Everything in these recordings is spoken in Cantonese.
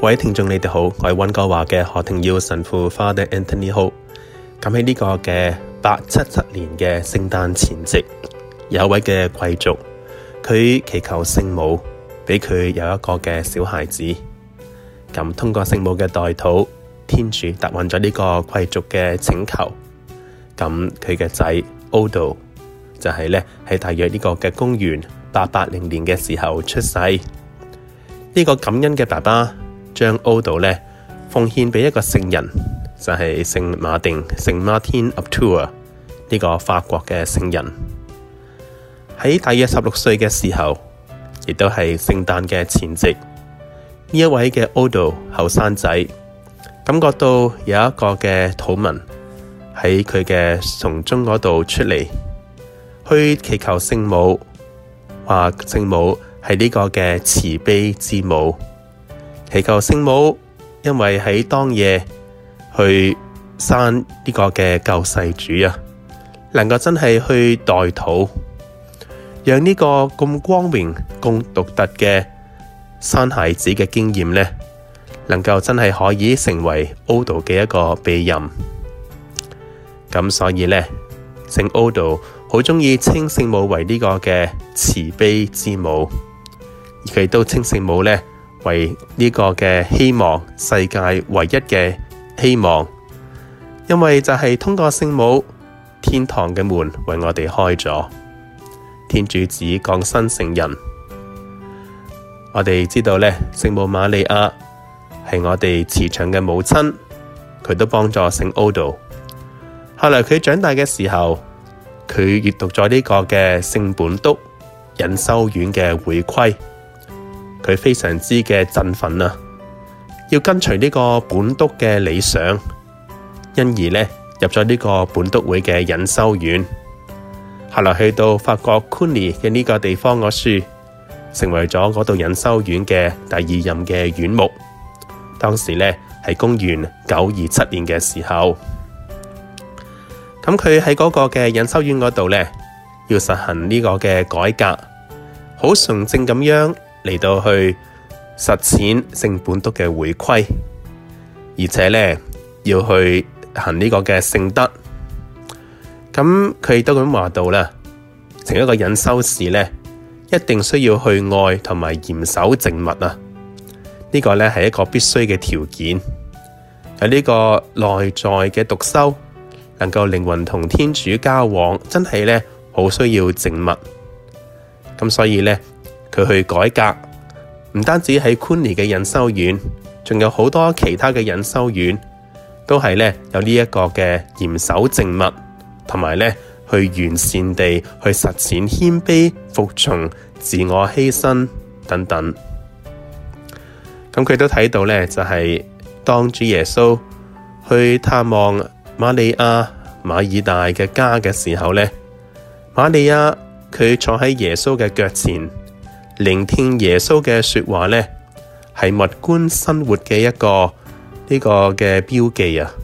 各位聽眾，你哋好，我係溫哥華嘅何庭耀神父 Father Anthony Ho。好，咁喺呢個嘅八七七年嘅聖誕前夕，有一位嘅貴族佢祈求聖母俾佢有一個嘅小孩子。咁通過聖母嘅代禱，天主答允咗呢個貴族嘅請求。咁佢嘅仔 Odo 就係咧喺大約呢個嘅公元八八零年嘅時候出世。呢、呢個感恩嘅爸爸。將奧道咧奉獻俾一個聖人，就係、是、聖馬丁、聖馬丁 of Tours 呢個法國嘅聖人。喺大約十六歲嘅時候，亦都係聖誕嘅前夕，呢一位嘅奧道後生仔感覺到有一個嘅土民喺佢嘅崇中嗰度出嚟，去祈求聖母，話聖母係呢個嘅慈悲之母。祈求聖母，因為喺當夜去生呢個嘅救世主啊，能夠真係去代禱，讓呢個咁光榮、咁獨特嘅生孩子嘅經驗呢能夠真係可以成為 odo 嘅一個庇蔭。咁所以咧，聖 odo 好中意稱聖母為呢個嘅慈悲之母，而佢都稱聖母呢為呢個嘅希望，世界唯一嘅希望，因為就係通過聖母天堂嘅門為我哋開咗，天主子降生成人。我哋知道咧，聖母瑪利亞係我哋慈祥嘅母親，佢都幫助聖奧多。後來佢長大嘅時候，佢閱讀咗呢個嘅聖本篤隱修院嘅會規。佢非常之嘅振奮啊！要跟隨呢個本篤嘅理想，因而咧入咗呢個本篤會嘅隱修院，後來去到法國 Quinie 嘅呢個地方嗰處，成為咗嗰度隱修院嘅第二任嘅院牧。當時咧係公元九二七年嘅時候，咁佢喺嗰個嘅隱修院嗰度咧，要實行呢個嘅改革，好純正咁樣。嚟到去實踐聖本篤嘅回歸，而且咧要去行呢個嘅聖德。咁佢都咁話到啦，成一個隱修士咧，一定需要去愛同埋嚴守靜默啊。這個、呢個咧係一個必須嘅條件。喺、這、呢個內在嘅獨修，能夠靈魂同天主交往，真係咧好需要靜默。咁所以咧。佢去改革，唔單止喺 Kuan 尼嘅隱修院，仲有好多其他嘅隱修院都係咧有這呢一個嘅嚴守靜默，同埋咧去完善地去實踐謙卑、服從、自我犧牲等等。咁佢都睇到咧，就係、是、當主耶穌去探望瑪利亞馬爾大嘅家嘅時候咧，瑪利亞佢坐喺耶穌嘅腳前。聆聽耶穌嘅說話呢係物觀生活嘅一個呢、這個嘅標記啊。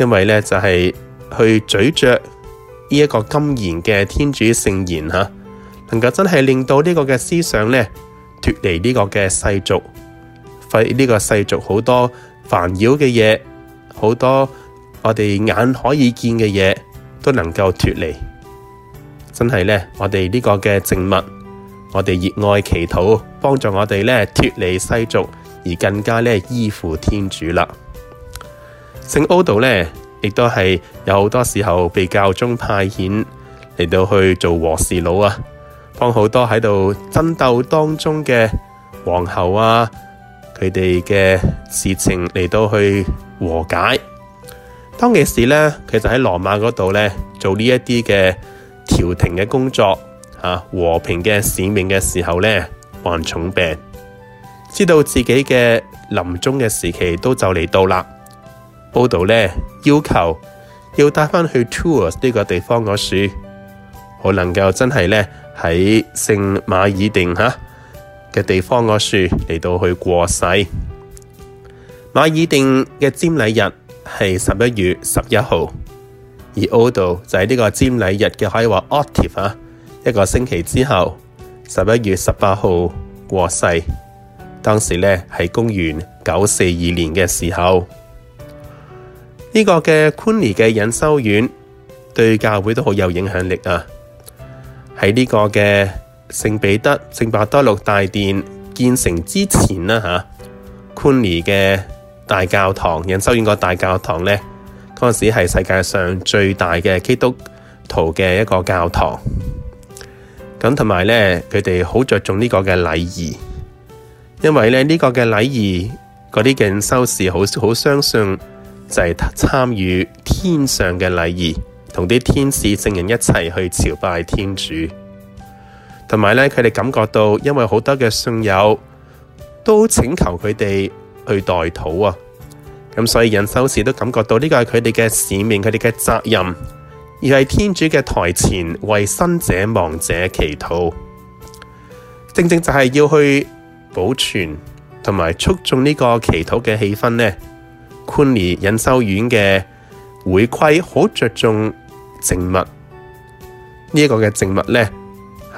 因為呢，就係、是、去咀嚼呢一個金言嘅天主聖言吓，能夠真係令到呢個嘅思想呢脫離呢個嘅世俗，廢、這、呢個世俗好多煩擾嘅嘢，好多我哋眼可以見嘅嘢都能夠脫離。真係呢，我哋呢個嘅靜物。我哋熱愛祈禱，幫助我哋咧脫離世俗，而更加咧依附天主啦。聖歐度咧，亦都係有好多時候被教宗派遣嚟到去做和事佬啊，幫好多喺度爭鬥當中嘅皇后啊，佢哋嘅事情嚟到去和解。當其時咧，佢就喺羅馬嗰度咧做呢一啲嘅調停嘅工作。啊！和平嘅使命嘅時候咧，患重病，知道自己嘅臨終嘅時期都就嚟到啦。奧道咧要求要帶翻去 Tours 呢個地方個樹，可能夠真係咧喺聖馬爾定吓嘅地方個樹嚟到去過世。馬爾定嘅瞻禮日係十一月十一號，而奧道就係呢個瞻禮日嘅可以話 octave 啊。一個星期之後，十一月十八號過世。當時咧喺公元九四二年嘅時候，呢個嘅 Kuni 嘅隱修院對教會都好有影響力啊。喺呢個嘅聖彼得聖伯多禄大殿建成之前啦，吓 Kuni 嘅大教堂隱修院個大教堂咧，嗰陣時係世界上最大嘅基督徒嘅一個教堂。咁同埋咧，佢哋好着重呢個嘅禮儀，因為咧呢個嘅禮儀，嗰啲隱修士好好相信就係參與天上嘅禮儀，同啲天使聖人一齊去朝拜天主。同埋咧，佢哋感覺到，因為好多嘅信友都請求佢哋去代禱啊，咁所以隱修士都感覺到呢個係佢哋嘅使命，佢哋嘅責任。而係天主嘅台前，為生者亡者祈禱，正正就係要去保存同埋促進呢個祈禱嘅氣氛咧。昆尼隱修院嘅會規好着重靜物、這個、呢一個嘅靜物咧，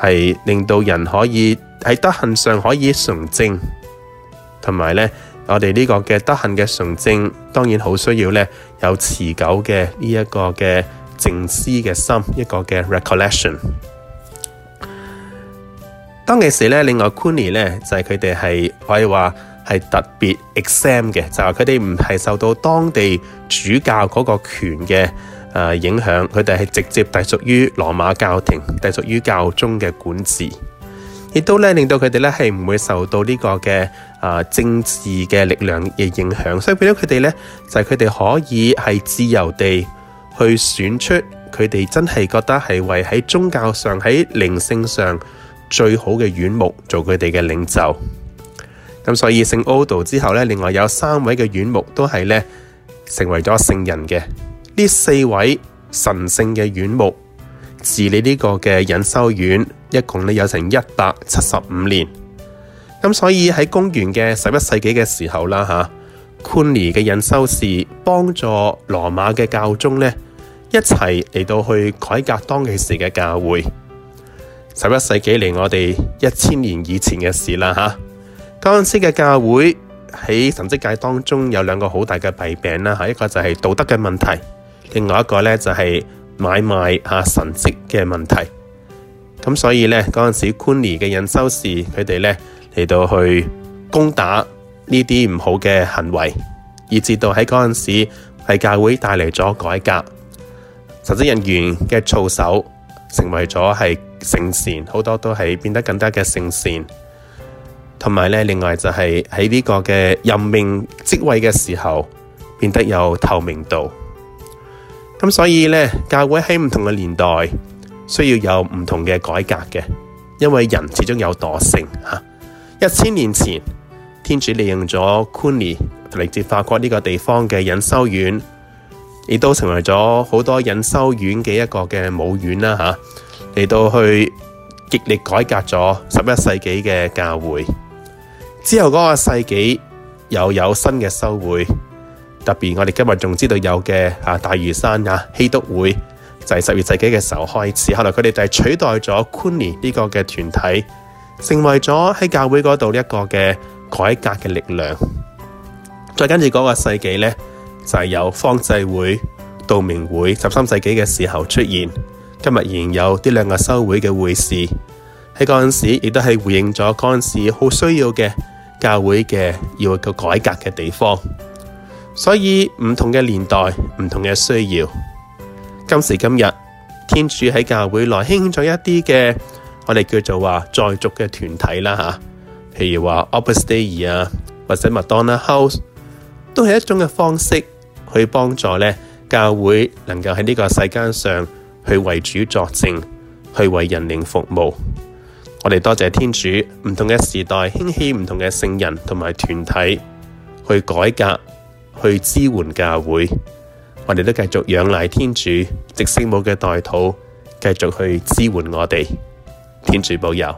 係令到人可以喺德行上可以純正，同埋咧我哋呢個嘅德行嘅純正，當然好需要咧有持久嘅呢一個嘅靜思嘅心，一個嘅 recollection。當其時咧，另外 Kuni 咧就係佢哋係可以話係特別 exam 嘅，就係佢哋唔係受到當地主教嗰個權嘅誒、呃、影響，佢哋係直接隸屬於羅馬教廷，隸屬於教宗嘅管治，亦都咧令到佢哋咧係唔會受到呢個嘅誒、呃、政治嘅力量嘅影響，所以變咗佢哋咧就係佢哋可以係自由地。去選出佢哋真係覺得係為喺宗教上喺靈性上最好嘅院牧做佢哋嘅領袖。咁所以聖奧多之後呢，另外有三位嘅院牧都係呢成為咗聖人嘅。呢四位神聖嘅院牧，治理呢個嘅隱修院，一共呢有成一百七十五年。咁所以喺公元嘅十一世紀嘅時候啦，嚇，昆尼嘅隱修士幫助羅馬嘅教宗呢。一齊嚟到去改革當其時嘅教會，十一世紀嚟我哋一千年以前嘅事啦。吓，嗰陣時嘅教會喺神職界當中有兩個好大嘅弊病啦，一個就係道德嘅問題，另外一個就係買賣啊神職嘅問題。咁所以咧，嗰時 Cluny 嘅隱修士佢哋咧嚟到去攻打呢啲唔好嘅行為，以至到喺嗰陣時係教會帶嚟咗改革。神職人員嘅操守成為咗係聖善，好多都係變得更加嘅聖善。同埋呢，另外就係喺呢個嘅任命職位嘅時候，變得有透明度。咁所以呢，教會喺唔同嘅年代需要有唔同嘅改革嘅，因為人始終有惰性。啊，一千年前，天主利用咗昆尼嚟自法國呢個地方嘅隱修院。亦都成為咗好多隱修院嘅一個嘅母院啦、啊、嚟到去極力改革咗十一世紀嘅教會。之後嗰個世紀又有新嘅修會，特別我哋今日仲知道有嘅大嶼山啊熙篤會，就係十二世紀嘅時候開始，後來佢哋就取代咗昆尼呢個嘅團體，成為咗喺教會嗰度一個嘅改革嘅力量。再跟住嗰個世紀呢。就係有方濟會、道明會，十三世紀嘅時候出現，今日仍有啲兩個修會嘅會士。喺嗰陣時亦都係回應咗嗰陣時好需要嘅教會嘅要個改革嘅地方。所以唔同嘅年代，唔同嘅需要。今時今日，天主喺教會內興起咗一啲嘅，我哋叫做話在俗嘅團體啦吓，譬如話 Opus Dei 啊，或者 Madonna House，都係一種嘅方式。去幫助呢教會能夠喺呢個世間上去為主作證，去為人靈服務。我哋多謝天主，唔同嘅時代興起唔同嘅聖人同埋團體去改革，去支援教會。我哋都繼續仰賴天主直聖母嘅代禱，繼續去支援我哋。天主保佑。